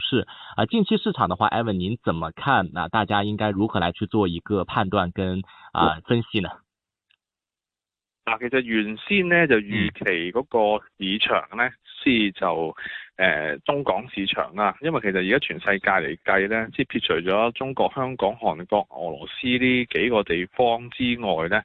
是啊，近期市場的話，艾文您怎麼看？那大家應該如何來去做一個判斷跟啊、呃、分析呢？嗱，其實原先咧就預期嗰個市場咧，即係就誒中、呃、港市場啦，因為其實而家全世界嚟計咧，即撇除咗中國香港、韓國、俄羅斯呢幾個地方之外咧，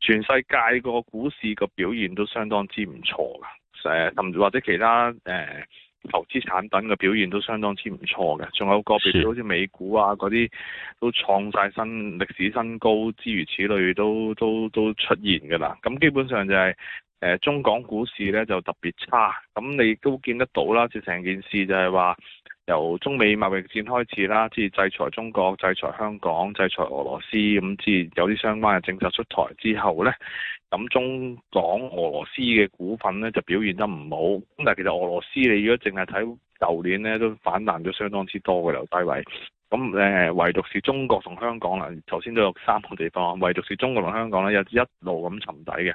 全世界個股市個表現都相當之唔錯噶，誒、呃、甚至或者其他誒。呃投資產品嘅表現都相當之唔錯嘅，仲有個別好似美股啊嗰啲都創曬新歷史新高，諸如此類都都都出現㗎啦。咁基本上就係、是、誒、呃、中港股市咧就特別差，咁你都見得到啦。就成件事就係話。由中美貿易戰開始啦，即係制裁中國、制裁香港、制裁俄羅斯咁，至有啲相關嘅政策出台之後呢，咁中港俄羅斯嘅股份呢就表現得唔好。咁但係其實俄羅斯你如果淨係睇舊年呢，都反彈咗相當之多嘅留低位。咁唯獨是中國同香港啦，頭先都有三個地方，唯獨是中國同香港呢有一路咁沉底嘅，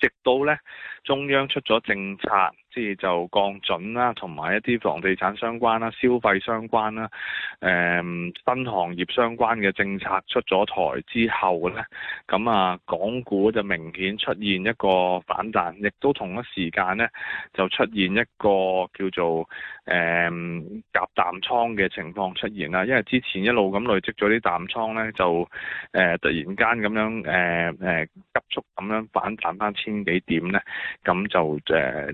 直到呢中央出咗政策。即係就降準啦，同埋一啲房地產相關啦、消費相關啦、誒、嗯、新行業相關嘅政策出咗台之後咧，咁啊，港股就明顯出現一個反彈，亦都同一時間咧就出現一個叫做誒夾、嗯、淡倉嘅情況出現啦。因為之前一路咁累積咗啲淡倉咧，就誒、呃、突然間咁樣誒誒、呃、急速咁樣反彈翻千幾點咧，咁就誒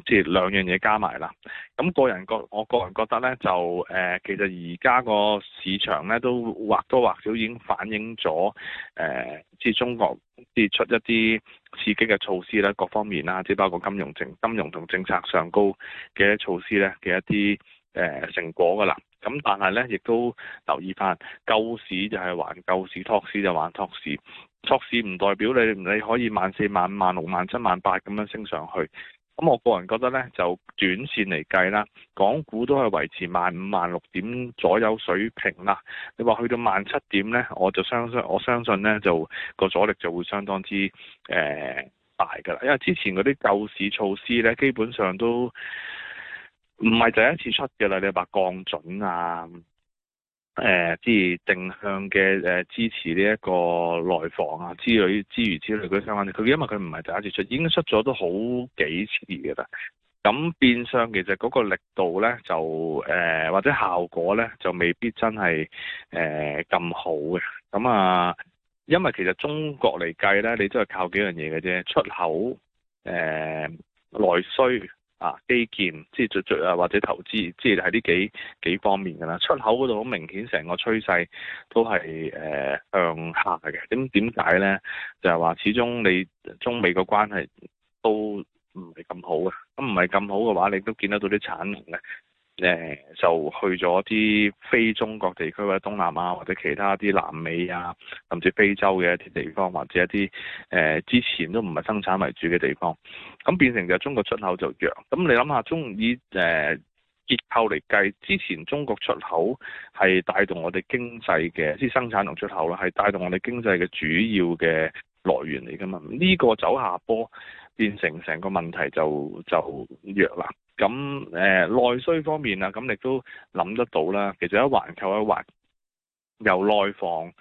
即係兩樣嘢加埋啦，咁、那個人覺我個人覺得呢，就誒、呃，其實而家個市場呢，都或多或少已經反映咗誒，即、呃、係中國跌出一啲刺激嘅措施咧，各方面啦，即包括金融政金融同政策上高嘅措施呢，嘅一啲誒成果噶啦。咁但係呢，亦都留意翻，救市就係還救市，托市就係還托市。托市唔代表你你可以萬四萬五萬六萬七萬八咁樣升上去。咁我個人覺得咧，就短線嚟計啦，港股都係維持萬五萬六點左右水平啦。你話去到萬七點咧，我就相信我相信咧，就個阻力就會相當之誒、呃、大㗎啦。因為之前嗰啲救市措施咧，基本上都唔係第一次出㗎啦。你話降準啊？誒，即係、呃、定向嘅誒，支持呢一個內房啊之類之餘之類啲相關佢，因為佢唔係第一次出，已經出咗都好幾次嘅啦。咁變相其實嗰個力度咧，就誒、呃、或者效果咧，就未必真係誒咁好嘅。咁啊，因為其實中國嚟計咧，你都係靠幾樣嘢嘅啫，出口誒、呃、內需。啊，基建即係啊，或者投資，即係喺呢幾幾方面噶啦。出口嗰度好明顯，成個趨勢都係誒向下嘅。咁點解咧？就係話始終你中美個關係都唔係咁好啊。咁唔係咁好嘅話，你都見得到啲產能咧。誒、呃、就去咗啲非中國地區或者東南亞或者其他啲南美啊，甚至非洲嘅一啲地方，或者一啲誒、呃、之前都唔係生產為主嘅地方，咁變成就中國出口就弱。咁你諗下，中以誒結構嚟計，之前中國出口係帶動我哋經濟嘅，即生產同出口啦，係帶動我哋經濟嘅主要嘅來源嚟㗎嘛。呢、呢個走下坡，變成成個問題就就弱啦。咁誒內需方面啊，咁亦都諗得到啦。其實一環扣一環，由內房誒、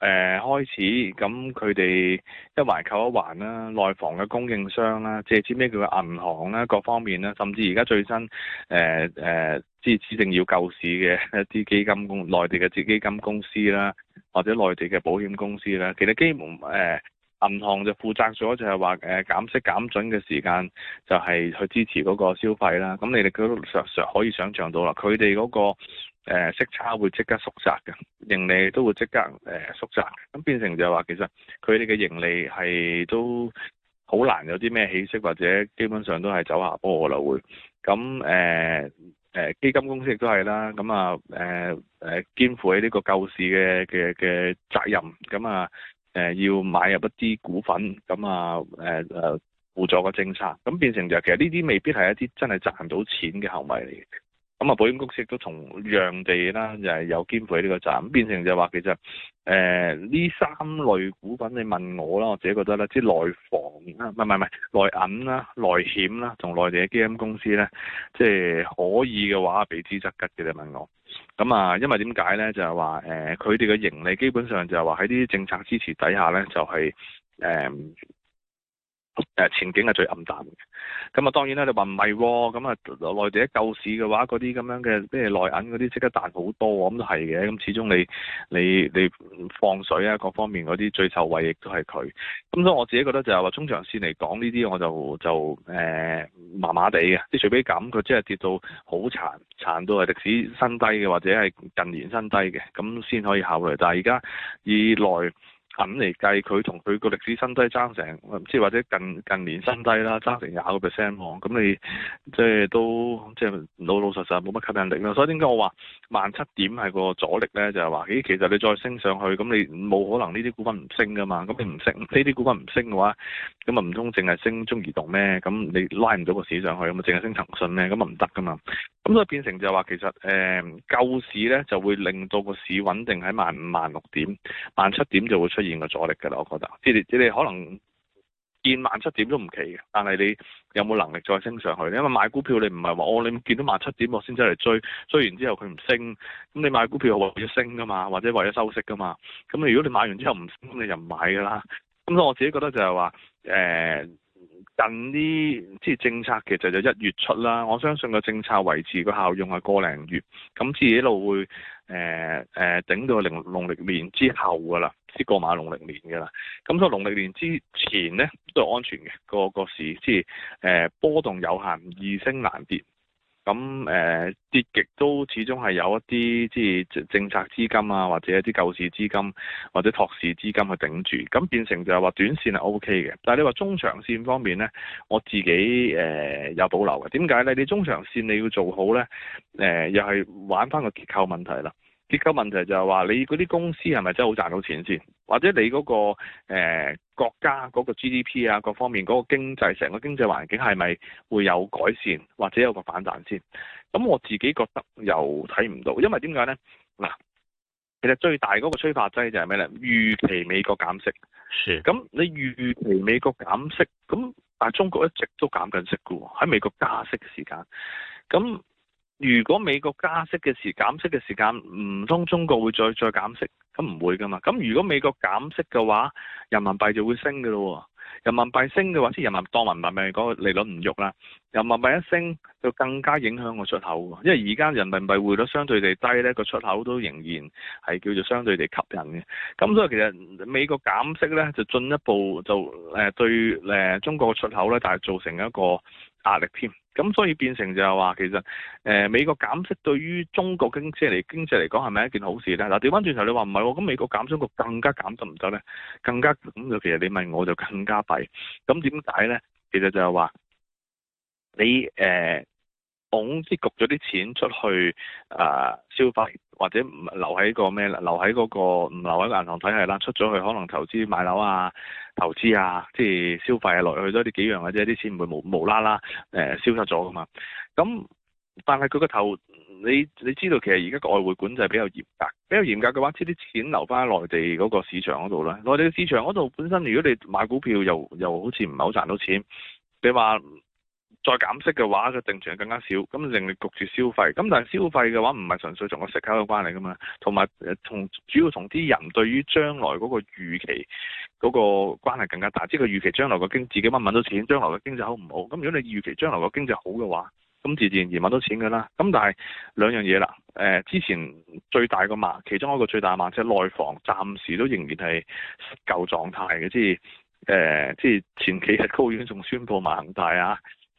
呃、開始，咁佢哋一環扣一環啦，內房嘅供應商啦，甚至咩叫嘅銀行啦，各方面啦，甚至而家最新誒誒，即、呃、係、呃、指、指定要救市嘅一啲基金公，內地嘅基基金公司啦，或者內地嘅保險公司啦，其實基本誒。呃銀行就負責咗，就係話誒減息減準嘅時間，就係去支持嗰個消費啦。咁你哋都常常可以想像到啦，佢哋嗰個、呃、息差會即刻縮窄嘅，盈利都會即刻誒、呃、縮窄。咁變成就係話，其實佢哋嘅盈利係都好難有啲咩起色，或者基本上都係走下坡嘅啦會。咁誒誒基金公司亦都係啦。咁啊誒誒、呃、肩負起呢個救市嘅嘅嘅責任。咁啊。誒要買入一啲股份，咁啊誒誒、啊啊、輔助個政策，咁變成就其實呢啲未必係一啲真係賺到錢嘅行為嚟嘅。咁啊，保險公司亦都同樣地啦，就係、是、有兼併呢個站，變成就話其實誒呢、呃、三類股份，你問我啦，我自己覺得啦，即係內房啦，唔係唔係內銀啦、內險啦，同內地嘅基金公司咧，即係可以嘅話俾資吉嘅，你哋問我。咁啊，因為點解咧？就係話誒，佢哋嘅盈利基本上就係話喺啲政策支持底下咧，就係、是、誒。呃誒前景係最暗淡嘅，咁啊當然啦，你話唔係喎，咁啊內地一救市嘅話，嗰啲咁樣嘅咩內銀嗰啲即刻彈好多，咁都係嘅，咁始終你你你放水啊，各方面嗰啲最受惠亦都係佢。咁所以我自己覺得就係話中長線嚟講呢啲我就就誒麻麻地嘅，即係除非減佢即係跌到好殘殘到係歷史新低嘅，或者係近年新低嘅，咁先可以考慮。但係而家以內咁嚟計，佢同佢個歷史新低爭成，即係或者近近年新低啦，爭成廿個 percent 喎。咁你即係都即係老老實實冇乜吸引力啦。所以點解我話萬七點係個阻力咧？就係話咦，其實你再升上去，咁你冇可能呢啲股份唔升噶嘛。咁你唔升呢啲股份唔升嘅話，咁啊唔通淨係升中移動咩？咁你拉唔到個市上去，咁啊淨係升騰訊咩？咁啊唔得噶嘛。咁所以變成就係話，其實誒救、嗯、市咧就會令到個市穩定喺萬五萬六點，萬七點就會出現個阻力㗎啦。我覺得，即係你你哋可能見萬七點都唔奇嘅，但係你有冇能力再升上去咧？因為買股票你唔係話哦，你見到萬七點我先出嚟追，追完之後佢唔升，咁你買股票係為咗升㗎嘛，或者為咗收息㗎嘛。咁你如果你買完之後唔升，咁你就唔買㗎啦。咁所以我自己覺得就係話誒。嗯近啲即係政策，其實就一月出啦。我相信個政策維持個效用係個零月，咁先一路會誒誒、呃呃、頂到零農，農曆年之後㗎啦，先過埋農曆年㗎啦。咁所以農曆年之前咧都係安全嘅，個個市即係、呃、波動有限，易升難跌。咁誒、呃、跌極都始終係有一啲即係政策資金啊，或者一啲救市資金或者託市資金去頂住，咁變成就係話短線係 OK 嘅。但你話中長線方面咧，我自己誒、呃、有保留嘅。點解咧？你中長線你要做好咧、呃，又係玩翻個結構問題啦。結構問題就係、是、話，你嗰啲公司係咪真係好賺到錢先？或者你嗰、那個誒、呃、國家嗰、那個 GDP 啊，各方面嗰個經濟成個經濟環境係咪會有改善或者有個反彈先？咁我自己覺得又睇唔到，因為點解呢？嗱，其實最大嗰個催化劑就係咩呢？預期美國減息，咁你預期美國減息，咁但中國一直都減緊息嘅喎，喺美國加息嘅時間，咁。如果美國加息嘅時，減息嘅時間唔通中國會再再減息？咁唔會噶嘛？咁如果美國減息嘅話，人民幣就會升噶咯。人民幣升嘅話，即係人民當人民幣嗰個利率唔喐啦。人民幣一升，就更加影響個出口。因為而家人民幣匯率相對地低呢，個出口都仍然係叫做相對地吸引嘅。咁所以其實美國減息呢，就進一步就誒對誒中國嘅出口呢，但係造成一個壓力添。咁所以變成就係話，其實、呃、美國減息對於中國經濟嚟經濟嚟講係咪一件好事咧？嗱，調翻轉頭你話唔係喎，咁、哦、美國減息佢更加減得唔得咧？更加咁就其實你問我就更加弊。咁點解咧？其實就係話你誒。呃總之，焗咗啲錢出去，誒、呃、消費或者留喺個咩啦？留喺、那個留個唔留喺個銀行體系啦，出咗去可能投資買樓啊、投資啊，即係消費啊，落去咗呢幾樣嘅啫，啲錢唔會無啦啦、呃、消失咗噶嘛。咁、嗯、但係佢個頭，你你知道其實而家個外匯管制比較嚴格，比較嚴格嘅話，即啲錢留翻喺內地嗰個市場嗰度啦。內地市場嗰度本身，如果你買股票又又好似唔係好賺到錢，你話？再減息嘅話，個定存更加少，咁令你焗住消費。咁但係消費嘅話，唔係純粹同個息口有關係噶嘛，同埋主要同啲人對於將來嗰個預期嗰、嗰個關係更加大，即係佢預期將來個經濟自己乜乜揾到錢，將來嘅經濟好唔好？咁如果你預期將來個經濟好嘅話，咁自然而搵到錢㗎啦。咁但係兩樣嘢啦，之前最大個萬，其中一個最大嘅萬，即係內房，暫時都仍然係舊狀態嘅，即係、呃、即係前幾日高院仲宣布萬大啊。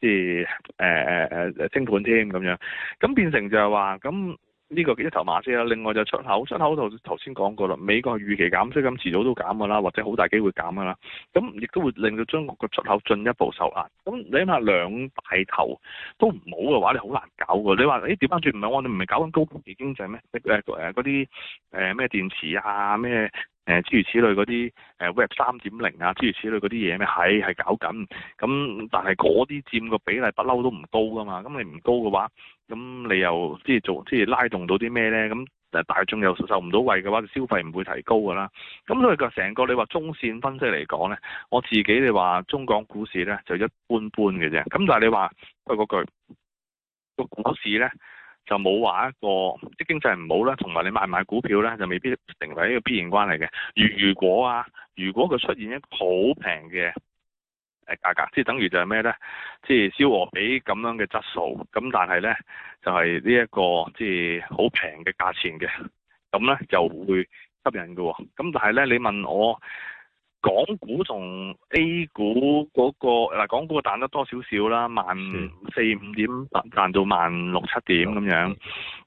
即係誒誒誒誒清盤添咁樣，咁變成就係話咁呢個幾一頭馬車啦。另外就出口，出口頭頭先講過啦，美國預期減息咁遲早都減噶啦，或者好大機會減噶啦。咁亦都會令到中國嘅出口進一步受壓。咁你睇下兩大頭都唔好嘅話，你好難搞噶。你話誒點翻轉唔係我唔係搞緊高科技經濟咩？嗰啲咩電池啊咩？誒諸如此類嗰啲誒 Web 三點零啊，諸如此類嗰啲嘢咩係係搞緊。咁但係嗰啲佔個比例不嬲都唔高噶嘛，咁你唔高嘅話，咁你又即係做即係拉動到啲咩咧？咁誒大眾又受唔到位嘅話，就消費唔會提高噶啦。咁所以個成個你話中線分析嚟講咧，我自己你話中港股市咧就一般般嘅啫。咁但係你話嗰句，個股市咧？就冇話一個即經濟唔好啦，同埋你買唔買股票咧，就未必成為一個必然關係嘅。如果啊，如果佢出現一個好平嘅誒價格，即係等於就係咩咧？即係燒鵝比咁樣嘅質素，咁但係咧就係呢一個即係好平嘅價錢嘅，咁咧就會吸引嘅。咁但係咧，你問我？港股同 A 股嗰、那個嗱，港股個彈得多少少啦，萬四五點彈彈到萬六七點咁樣，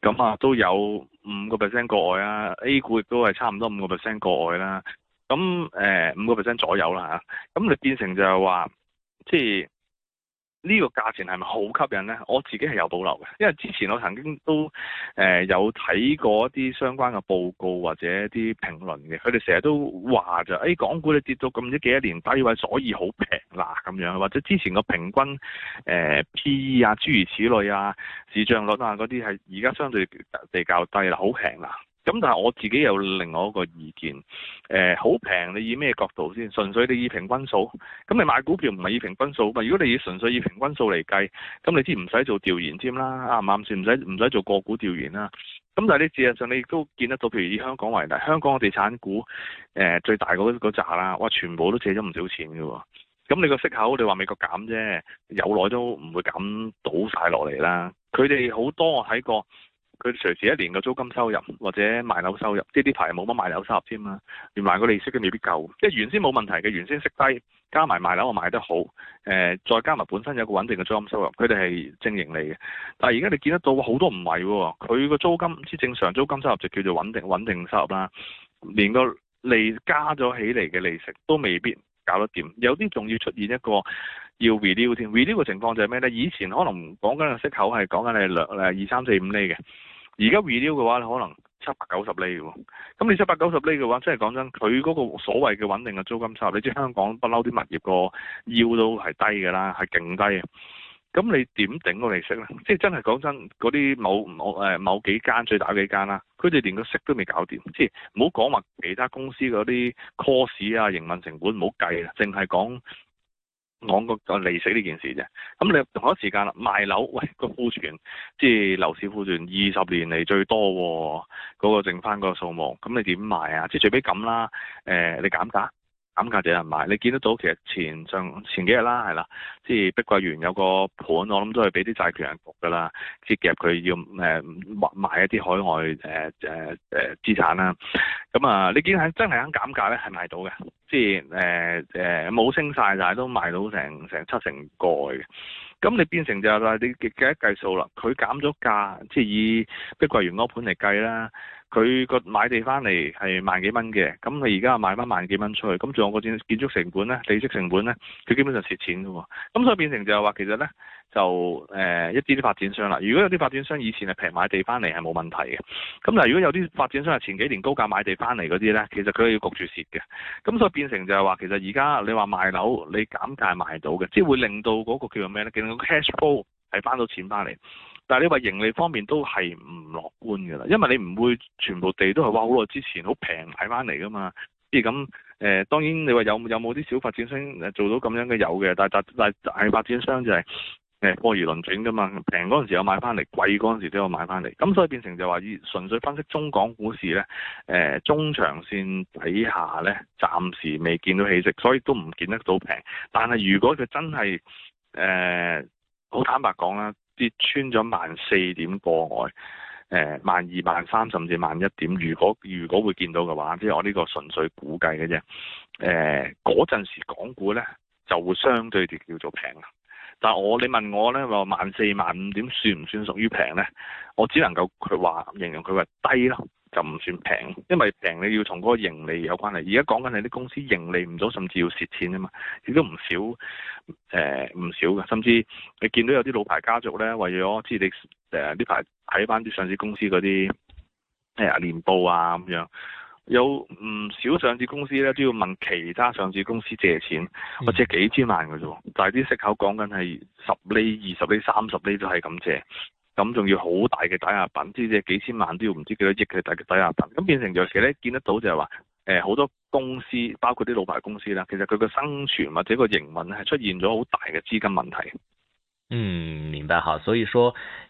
咁啊都有五個 percent 個外啦、啊，A 股亦都係差唔多五個 percent 個外啦、啊，咁誒五個 percent 左右啦吓，咁你變成就係話即係。呢個價錢係咪好吸引呢？我自己係有保留嘅，因為之前我曾經都誒有睇過一啲相關嘅報告或者啲評論嘅，佢哋成日都話就誒港股你跌到咁唔知幾多年低位，所以好平啦咁樣，或者之前個平均誒、呃、PE 啊諸如此類啊市賬率啊嗰啲係而家相對比較低啦，好平啦。咁但係我自己有另外一個意見，誒好平，你以咩角度先？純粹你以平均數，咁你買股票唔係以平均數嘛？如果你以純粹以平均數嚟計，咁你知唔使做調研添啦，啱唔啱先？唔使唔使做個股調研啦。咁但係你事實上你都見得到，譬如以香港為例，香港嘅地產股，誒、呃、最大嗰嗰扎啦，哇全部都借咗唔少錢㗎喎。咁你個息口你話美國減啫，有耐都唔會減倒晒落嚟啦。佢哋好多喺個。佢隨時一年嘅租金收入或者賣樓收入，即係呢排冇乜賣樓收入添啦，連埋個利息都未必夠。即係原先冇問題嘅，原先息低，加埋賣樓我賣得好，誒，再加埋本身有個穩定嘅租金收入，佢哋係正盈利嘅。但係而家你見得到好多唔係喎，佢個租金即係正常租金收入就叫做穩定穩定收入啦，連個利加咗起嚟嘅利息都未必搞得掂，有啲仲要出現一個要 review 添。review 嘅情況就係咩呢？以前可能講緊個息口係講緊你兩、係二三四五厘嘅，而家 review 嘅話，可能七百九十厘喎。咁你七百九十厘嘅話，真係講真，佢嗰個所謂嘅穩定嘅租金差，你知香港不嬲啲物業個腰都係低㗎啦，係勁低嘅。咁你點頂個利息咧？即係真係講真，嗰啲某某誒某幾間最大幾間啦，佢哋連個息都未搞掂，即係唔好講話其他公司嗰啲 cost 啊、營運成本唔好計啊，淨係講講個利息呢件事啫。咁你同一時間啦，賣樓喂個庫存，即係樓市庫存二十年嚟最多嗰、啊嗰個剩翻嗰個數目，咁你點賣啊？即係最屘咁啦，誒、呃、你減價。減價就有人買，你見得到其實前上前幾日啦，係啦，即係碧桂園有個盤，我諗都係俾啲債權人焗㗎啦，即係夾佢要誒賣、呃、一啲海外誒誒誒資產啦。咁啊，你見係真係肯減價咧，係賣到嘅，即係誒誒冇升晒，但係都賣到成成七成個嘅。咁你變成就係你計一計數啦，佢減咗價，即係以碧桂園嗰盤嚟計啦，佢個買地翻嚟係萬幾蚊嘅，咁你而家賣翻萬幾蚊出去，咁仲有個建建築成本咧、利息成本咧，佢基本上蝕錢㗎喎，咁所以變成就係話其實咧。就誒、呃、一啲啲發展商啦，如果有啲發展商以前係平買地翻嚟係冇問題嘅，咁但係如果有啲發展商係前幾年高價買地翻嚟嗰啲咧，其實佢要焗住蝕嘅，咁所以變成就係話其實而家你話賣樓你減價賣到嘅，即係會令到嗰個叫做咩咧？令到 cash flow 係翻到錢翻嚟，但係你話盈利方面都係唔樂觀㗎啦，因為你唔會全部地都係話好耐之前好平買翻嚟㗎嘛，即咁誒。當然你話有有冇啲小發展商做到咁樣嘅有嘅，但係但，但發展商就係、是。誒波而輪轉㗎嘛，平嗰陣時有買翻嚟，貴嗰陣時都有買翻嚟，咁所以變成就話以純粹分析中港股市咧，誒、呃、中長線底下咧，暫時未見到起色，所以都唔見得到平。但係如果佢真係誒好坦白講啦，跌穿咗萬四點過外，誒萬二萬三甚至萬一點，如果如果會見到嘅話，即係我呢個純粹估計嘅啫，誒嗰陣時港股咧就會相對地叫做平啦。但我你問我呢，話萬四萬五點算唔算屬於平呢？我只能夠佢話形容佢話低咯，就唔算平，因為平你要同嗰個盈利有關係。而家講緊係啲公司盈利唔到，甚至要蝕錢啊嘛，亦都唔少誒，唔少嘅，甚至你見到有啲老牌家族呢，為咗知你誒呢排睇返啲上市公司嗰啲咩年報啊咁樣。有唔少上市公司咧都要問其他上市公司借錢，或者幾千萬嘅啫，但係啲息口講緊係十厘、二十厘、三十厘都係咁借，咁仲要好大嘅抵押品，即幾千萬都要唔知幾多億嘅大抵押品，咁變成有時咧見得到就係話，誒、呃、好多公司包括啲老牌公司啦，其實佢嘅生存或者個營運咧係出現咗好大嘅資金問題。嗯，明白哈，所以說。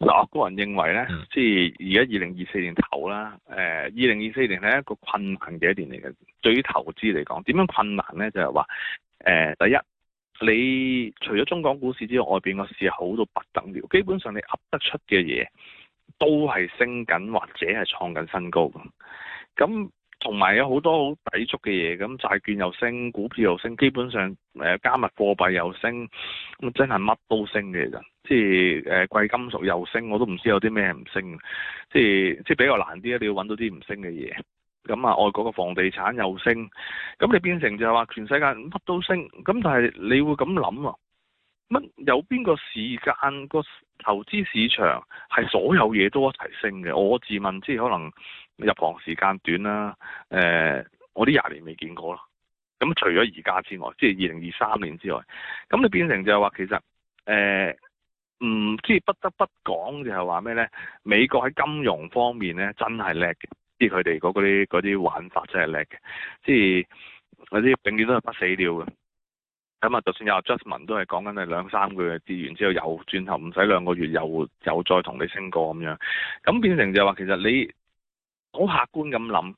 嗱，我個人認為咧，即係而家二零二四年頭啦，誒二零二四年係一個困難嘅一年嚟嘅。對於投資嚟講，點樣困難咧？就係話誒，第一，你除咗中港股市之外，外邊個市好到不得了，基本上你噏得出嘅嘢都係升緊或者係創緊新高嘅，咁。同埋有好多好抵觸嘅嘢，咁債券又升，股票又升，基本上誒加密貨幣又升，咁真係乜都升嘅啫。即係誒貴金屬又升，我都唔知有啲咩唔升。即係即係比較難啲啊，你要搵到啲唔升嘅嘢。咁、嗯、啊，外國嘅房地產又升，咁你變成就係話全世界乜都升。咁但係你會咁諗啊？乜有邊個時間個投資市場係所有嘢都一齊升嘅？我自問即係可能。入行時間短啦，誒、呃，我啲廿年未見過咯。咁、嗯、除咗而家之外，即係二零二三年之外，咁你變成就係話其實誒，唔、呃嗯、即係不得不講就係話咩咧？美國喺金融方面咧真係叻嘅，即係佢哋嗰啲嗰啲玩法真係叻嘅，即係嗰啲永遠都係不死鳥嘅。咁啊，就算有 adjustment 都係講緊係兩三個月跌完之後又轉頭唔使兩個月又又,又再同你升過咁樣，咁變成就係話其實你。好客觀咁諗，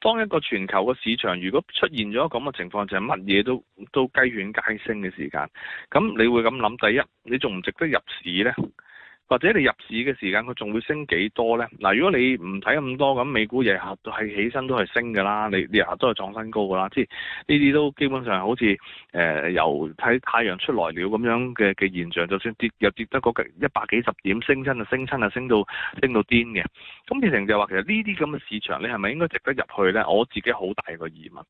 當一個全球嘅市場如果出現咗咁嘅情況，就係乜嘢都都雞犬皆升嘅時間，咁你會咁諗？第一，你仲唔值得入市呢？或者你入市嘅時間，佢仲會升幾多呢？嗱，如果你唔睇咁多，咁美股日日都係起身都係升㗎啦，你日日都係撞新高㗎啦。即係呢啲都基本上好似誒、呃、由睇太陽出來了咁樣嘅嘅現象，就算跌又跌得個一百幾十點，升親就升親啊，升到升到癲嘅。咁變成就話其實呢啲咁嘅市場，你係咪應該值得入去呢？我自己好大個疑問。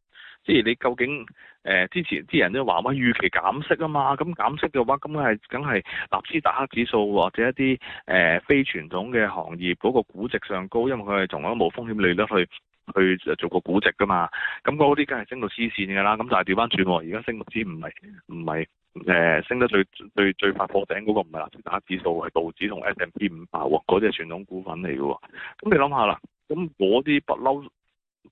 即係你究竟誒、呃、之前啲人都話咩預期減息啊嘛，咁減息嘅話，咁係梗係納斯達克指數或者一啲誒、呃、非傳統嘅行業嗰、那個股值上高，因為佢係從一無風險利率去去做個估值噶嘛，咁嗰啲梗係升到黐線㗎啦。咁但係調翻轉，而家升到指唔係唔係誒升得最最最發貨頂嗰個唔係納斯達克指數，係道指同 S M P 五百喎，嗰啲係傳統股份嚟嘅喎。咁你諗下啦，咁嗰啲不嬲。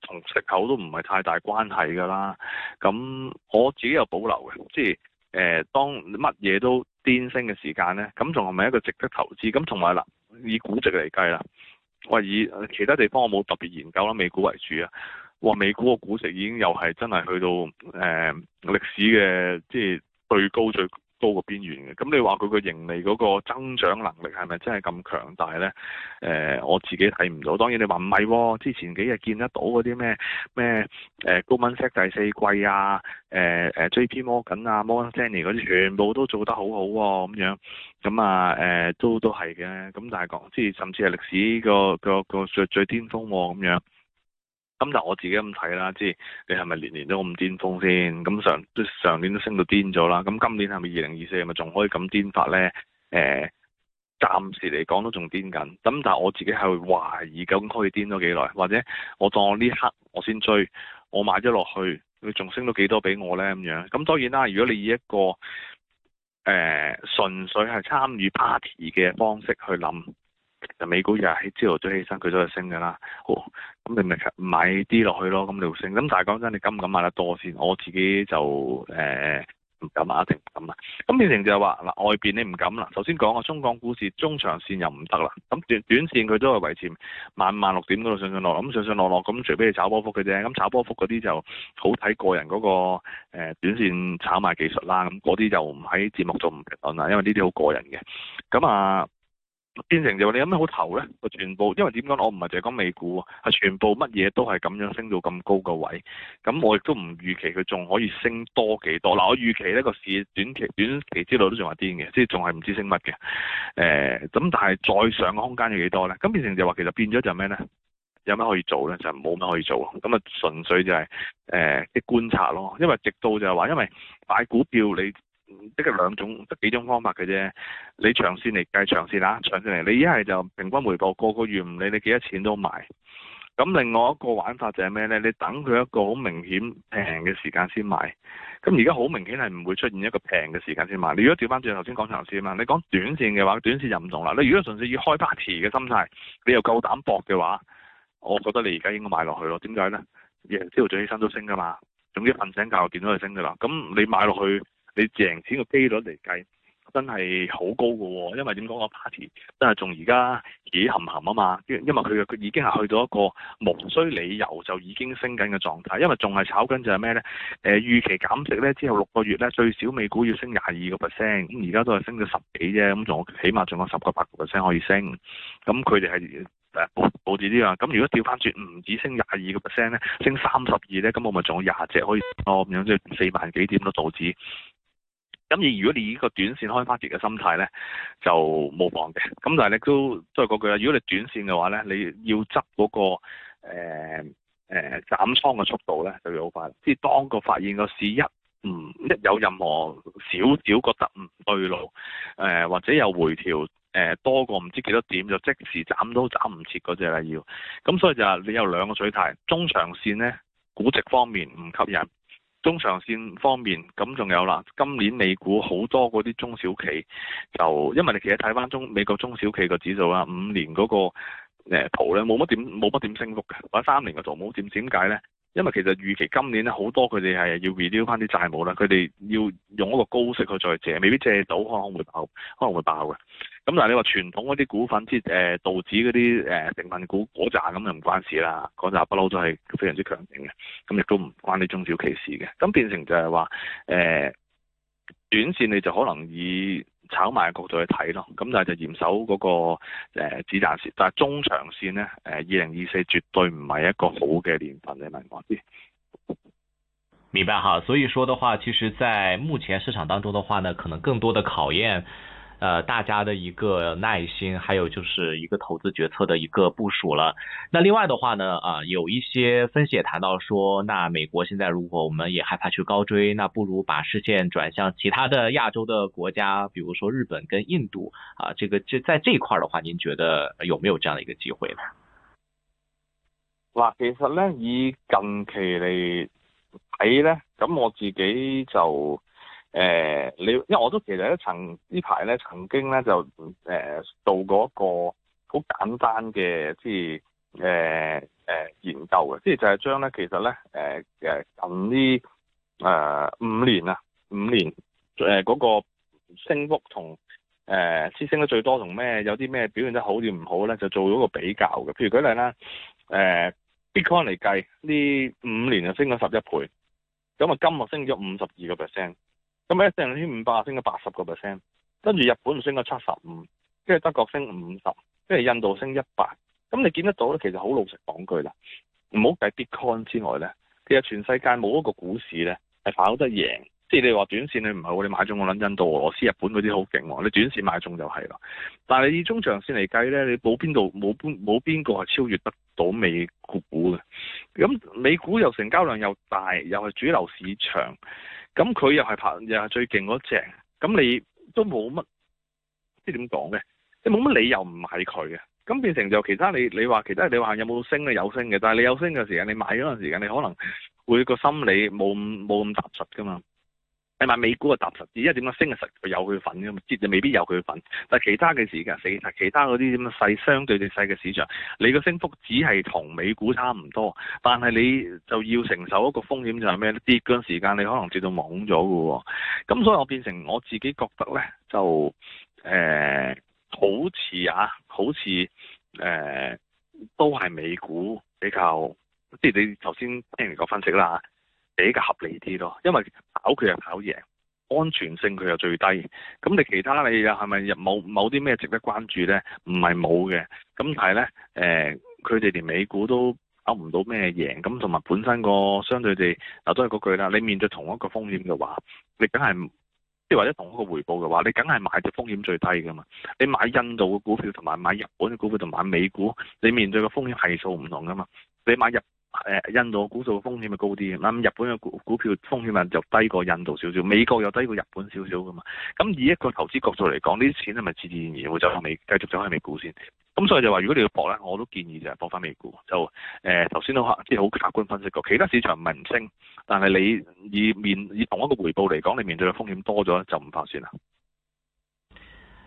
同息口都唔係太大關係㗎啦，咁我自己有保留嘅，即係誒、呃、當乜嘢都癲升嘅時間咧，咁仲係咪一個值得投資？咁同埋嗱，以估值嚟計啦，哇！以其他地方我冇特別研究啦，美股為主啊，哇！美股嘅估值已經又係真係去到誒、呃、歷史嘅即係最高最高。高個邊緣嘅，咁你話佢個盈利嗰個增長能力係咪真係咁強大咧、呃？我自己睇唔到。當然你話唔係喎，之前幾日見得到嗰啲咩咩誒高敏 sec 第四季啊，誒、呃、誒、呃、JP 摩根啊，摩 n 士丹 y 嗰啲全部都做得很好好、哦、喎，咁樣咁啊、呃、都都係嘅。咁但係講即係甚至係歷史個、個、個最最巔峰喎、哦，咁樣。咁但係我自己咁睇啦，即係你係咪年年都咁巔峰先？咁上上年都升到癲咗啦。咁今年係咪二零二四係咪仲可以咁癲法咧？誒、欸，暫時嚟講都仲癲緊。咁但係我自己係會懷疑究竟可以癲咗幾耐，或者我當我呢刻我先追，我買咗落去，佢仲升到幾多俾我咧咁樣，咁當然啦，如果你以一個誒、欸、純粹係參與 party 嘅方式去諗。就美股日喺朝頭早起身，佢都係升嘅啦。好、哦，咁你咪買啲落去咯。咁嚟升。咁但係講真，你敢唔敢買得多先？我自己就誒唔、呃、敢啊，一定唔敢啊。咁變成就係話嗱，外邊你唔敢啦。首先講啊，中港股市中長線又唔得啦。咁短短線佢都係維持萬萬,萬六點嗰度上上落落。上上落落。咁上上落落咁，除非你炒波幅嘅啫。咁炒波幅嗰啲就好睇個人嗰、那個誒、呃、短線炒賣技術啦。咁嗰啲就唔喺節目做唔評論啦，因為呢啲好個人嘅。咁啊。變成就話你有咩好投咧？個全部，因為點講，我唔係淨係講美股喎，係全部乜嘢都係咁樣升到咁高嘅位，咁我亦都唔預期佢仲可以升多幾多。嗱，我預期呢個市短期短期之內都仲係癲嘅，即係仲係唔知升乜嘅。誒、呃，咁但係再上嘅空間有幾多咧？咁變成就話其實變咗就咩咧？有咩可以做咧？就冇、是、咩可以做咯。咁啊，純粹就係誒啲觀察咯。因為直到就係話，因為買股票你。得個兩種，得幾種方法嘅啫。你長線嚟計，長線啊，長線嚟。你一係就平均回報，個個月唔理你幾多錢都買。咁另外一個玩法就係咩呢？你等佢一個好明顯平嘅時間先買。咁而家好明顯係唔會出現一個平嘅時間先買。你如果調翻轉頭先講長線嘛，你講短線嘅話，短線就唔同啦。你如果純粹以開 party 嘅心態，你又夠膽搏嘅話，我覺得你而家應該買落去咯。點解呢？夜朝早起身都升噶嘛，總之瞓醒覺就見到佢升噶啦。咁你買落去。你贏錢嘅機率嚟計，真係好高嘅喎、哦，因為點講個 party 真係仲而家幾含含啊嘛，因因為佢已經係去到一個無需理由就已經升緊嘅狀態，因為仲係炒緊就係咩呢？誒預期減息呢，之後六個月呢，最少美股要升廿二個 percent，咁而家都係升咗十幾啫，咁仲起碼仲有十個八個 percent 可以升，咁佢哋係誒保保持呢樣，咁、呃、如果調翻轉唔止升廿二個 percent 呢，升三十二呢，咁我咪仲有廿隻可以多咁樣，即、哦、係四萬幾點都道指。咁而如果你以個短線開花節嘅心態咧，就冇妨嘅。咁但係你都都係嗰句啦，如果你短線嘅話咧，你要執嗰、嗰個誒斬、呃呃、斬倉嘅速度咧，就會好快。即係當個發現個市一唔一有任何少少覺得唔對路，誒、呃、或者有回調，誒、呃、多過唔知幾多點，就即時斬都斬唔切嗰隻啦要。咁所以就係你有兩個水態，中長線咧，估值方面唔吸引。中長線方面，咁仲有啦。今年美股好多嗰啲中小企，就因為你其實睇翻中美國中小企個指數啦，五年嗰個誒圖咧，冇乜點冇乜點升幅嘅。或者三年嘅圖冇點點解咧？因為其實預期今年咧好多佢哋係要 review 翻啲債務啦，佢哋要用一個高息去再借，未必借到，可能會爆，可能會爆嘅。咁但係你話傳統嗰啲股份，即係誒道指嗰啲誒成分股嗰扎，咁就唔關事啦，嗰紮不嬲都係非常之強勁嘅，咁亦都唔關啲中小企事嘅，咁變成就係話誒短綫你就可能以炒賣嘅角度去睇咯，咁但係就嚴守嗰個誒止賺蝕，但係中長綫咧誒二零二四絕對唔係一個好嘅年份，你明白？明白哈，所以說的話，其實在目前市場當中的話呢，可能更多的考驗。呃，大家的一個耐心，還有就是一個投資決策的一個部署了。那另外的話呢，啊，有一些分析也談到說，那美國現在如果我們也害怕去高追，那不如把視線轉向其他的亞洲的國家，比如說日本跟印度啊，這個這在這一塊的話，您覺得有沒有這樣的一個機會呢？嗱，其實呢，以近期嚟睇呢，咁我自己就。誒，你因為我都其實咧，曾呢排咧曾經咧就誒做過一個好簡單嘅，即係研究嘅，即係就係將咧其實咧誒近呢誒五年啊，五年誒嗰個升幅同誒先升得最多同咩有啲咩表現得好與唔好咧，就做咗個比較嘅。譬如舉例啦，誒、呃、Bitcoin 嚟計呢五年就升咗十一倍，咁啊今日升咗五十二個 percent。咁 S&P 500，升咗八十個 percent，跟住日本升咗七十五，跟住德國升五十，跟住印度升一百。咁你見得到咧，其實好老實講句啦，唔好計 bitcoin 之外咧，其實全世界冇一個股市咧係跑得贏。即係你話短線你唔係喎，你買中我諗印度、俄羅斯、日本嗰啲好勁喎，你短線買中就係啦。但係以中長線嚟計咧，你冇邊度冇邊冇邊個係超越得到美股嘅？咁美股又成交量又大，又係主流市場。咁佢又係拍又係最勁嗰隻，咁你都冇乜，即係點講咧？你冇乜理由唔買佢嘅。咁變成就其他你你話其他你話有冇升咧？有升嘅，但係你有升嘅時間，你買嗰陣時間，你可能會個心理冇咁冇咁踏實噶嘛。係咪美股啊？踏實啲，因為點解升嘅實有佢份噶嘛，跌就未必有佢份。但係其他嘅市嘅，四其他嗰啲咁嘅細相對性細嘅市場，你個升幅只係同美股差唔多，但係你就要承受一個風險就係咩咧？跌嗰陣時間你可能跌到懵咗噶，咁所以我變成我自己覺得咧，就誒、呃、好似啊，好似誒、呃、都係美股比較，即係你頭先聽人個分析啦。比較合理啲咯，因為跑佢又跑贏，安全性佢又最低。咁你其他你又係咪又冇冇啲咩值得關注咧？唔係冇嘅。咁但係咧，誒、呃，佢哋連美股都搞唔到咩贏。咁同埋本身個相對地，嗱都係嗰句啦。你面對同一個風險嘅話，你梗係即係或者同一個回報嘅話，你梗係買隻風險最低嘅嘛。你買印度嘅股票同埋買日本嘅股票同買美股，你面對嘅風險係數唔同噶嘛。你買日誒，印度股數風險咪高啲，咁日本嘅股股票風險咪就低過印度少少，美國又低過日本少少嘅嘛。咁以一個投資角度嚟講，呢啲錢係咪自然而然會走向美繼續走向美股先？咁所以就話如果你要搏咧，我都建議就係搏翻美股。就誒頭先都即係好客觀分析過，其他市場唔係唔升，但係你以面以同一個回報嚟講，你面對嘅風險多咗就唔划算啦。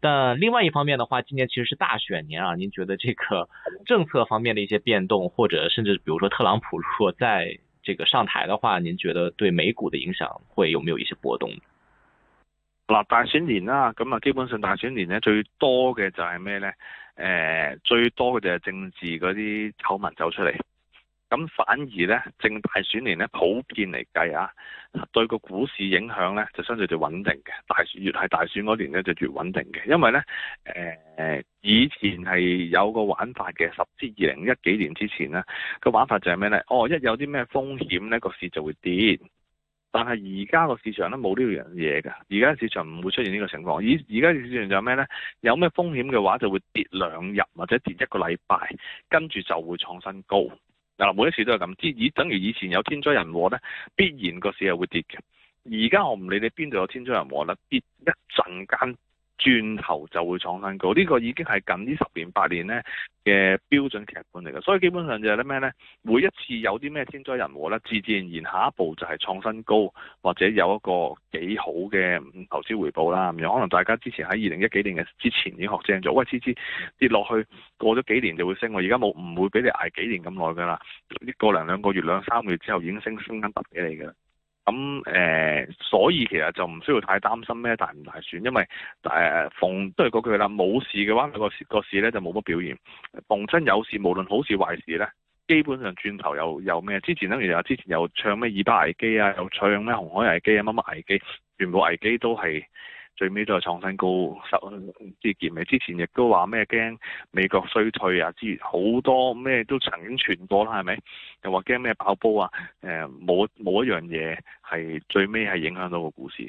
但另外一方面的話，今年其實是大選年啊。您覺得這個政策方面的一些變動，或者甚至比如說特朗普如果再這個上台的話，您覺得對美股的影響會有沒有一些波動？嗱，大選年啦，咁啊，基本上大選年呢，最多嘅就係咩呢？誒，最多嘅就係政治嗰啲醜聞走出嚟。咁反而咧，正大選年咧，普遍嚟計啊，對個股市影響咧就相對就穩定嘅。大選，越係大選嗰年咧，就越穩定嘅。因為咧，誒、呃、以前係有個玩法嘅，十至二零一幾年之前咧，個玩法就係咩咧？哦，一有啲咩風險咧，個市就會跌。但係而家個市場咧冇呢樣嘢㗎。而家市場唔會出現呢個情況。而家個市場就係咩咧？有咩風險嘅話，就會跌兩日或者跌一個禮拜，跟住就會創新高。嗱，每一次都係咁，以以等於以前有天災人禍咧，必然個市係會跌嘅。而家我唔理你邊度有天災人禍啦，必一陣間。轉頭就會創新高，呢個已經係近呢十年八年咧嘅標準劇本嚟嘅，所以基本上就係啲咩呢？每一次有啲咩天災人禍咧，自自然然下一步就係創新高，或者有一個幾好嘅投資回報啦。咁樣可能大家之前喺二零一幾年嘅之前已經學正咗，喂，次次跌落去過咗幾年就會升，我而家冇唔會俾你捱幾年咁耐㗎啦，呢零兩個月兩三個月之後已經升升緊百幾俾你㗎啦。咁誒、呃，所以其實就唔需要太擔心咩大唔大選，因為誒、呃、逢都係嗰句啦，冇事嘅話，個市個市咧就冇乜表現。逢親有事，無論好事壞事咧，基本上轉頭又又咩？之前咧，譬如之前又唱咩以巴危機啊，又唱咩紅海危機啊，乜乜危機，全部危機都係。最尾都係創新高，即係結尾之前亦都話咩驚美國衰退啊，之好多咩都曾經傳過啦，係咪？又話驚咩爆煲啊？誒，冇冇一樣嘢係最尾係影響到個股市。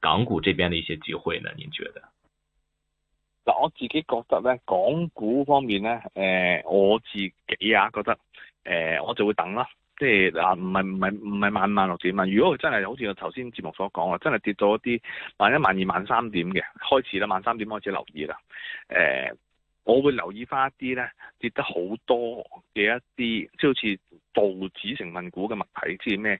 港股這邊的一些機會呢？您覺得？嗱，我自己覺得呢，港股方面呢，誒、呃，我自己啊，覺得誒、呃，我就會等啦。即係啊，唔係唔係唔係萬萬六點。如果佢真係好似我頭先節目所講啊，真係跌到一啲萬一、萬二、萬三點嘅開始啦，萬三點開始留意啦，誒、呃。我會留意翻一啲咧跌得好多嘅一啲，即係好似道指成分股嘅物體，即係咩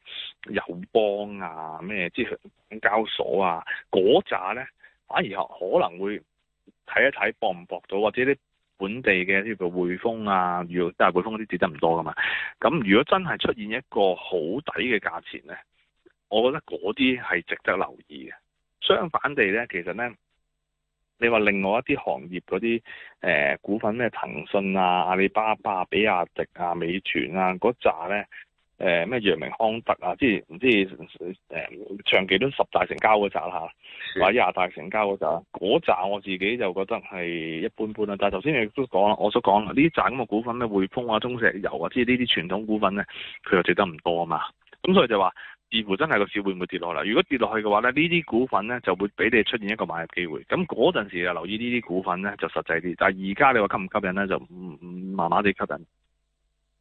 友邦啊，咩即係港交所啊，嗰紮咧反而可能會睇一睇搏唔搏到，或者啲本地嘅，譬如匯豐啊，如果即係匯豐嗰啲跌得唔多噶嘛，咁如果真係出現一個好抵嘅價錢咧，我覺得嗰啲係值得留意嘅。相反地咧，其實咧。你話另外一啲行業嗰啲誒股份咩騰訊啊、阿里巴巴、比亞迪啊、美團啊嗰扎咧誒咩陽明康德啊，即係唔知誒、呃、長期都十大成交嗰扎下，的或者廿大成交嗰扎，嗰扎我自己就覺得係一般般啦。但係頭先你都講啦，我所講啦，呢扎咁嘅股份咧，匯豐啊、中石油啊，即係呢啲傳統股份咧，佢又值得唔多啊嘛，咁所以就話。似乎真係個市會唔會跌落嚟？如果跌落去嘅話咧，呢啲股份咧就會俾你出現一個買入機會。咁嗰陣時留意呢啲股份咧，就實際啲。但係而家你話吸唔吸引咧，就唔唔麻麻地吸引。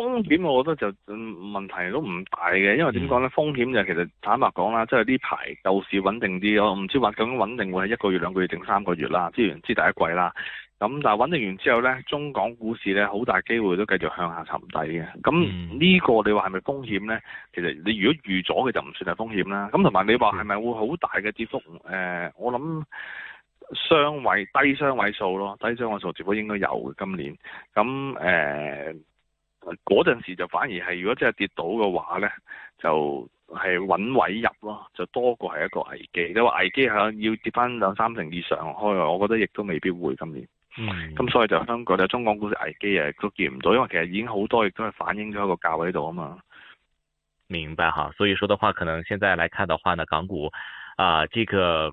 風險我覺得就嗯問題都唔大嘅，因為點講呢？風險就其實坦白講啦，即係呢排牛市穩定啲咯，唔知話究竟穩定會係一個月兩個月定三個月啦，之唔知第一季啦？咁但係穩定完之後呢，中港股市呢，好大機會都繼續向下沉底嘅。咁呢、嗯、個你話係咪風險呢？其實你如果預咗嘅就唔算係風險啦。咁同埋你話係咪會好大嘅跌幅？誒、呃，我諗雙位低雙位數咯，低雙位數跌幅應該有嘅。今年。咁、嗯、誒。呃嗰陣時就反而係，如果真係跌到嘅話咧，就係、是、揾位入咯，就多過係一個危機。你、就、話、是、危機係要跌翻兩三成以上開，我覺得亦都未必會今年。咁、嗯、所以就香港就中港股市危機啊，都見唔到，因為其實已經好多亦都係反映咗一個價位度啊嘛。明白吓，所以說的話，可能現在來看的話呢，港股啊、呃，這個。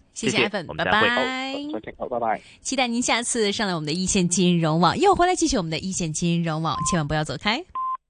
謝謝 Ivan 拜拜。好，拜拜。期待您下次上來我們的一線金融網，又回來繼續我們的一線金融網，千萬不要走開。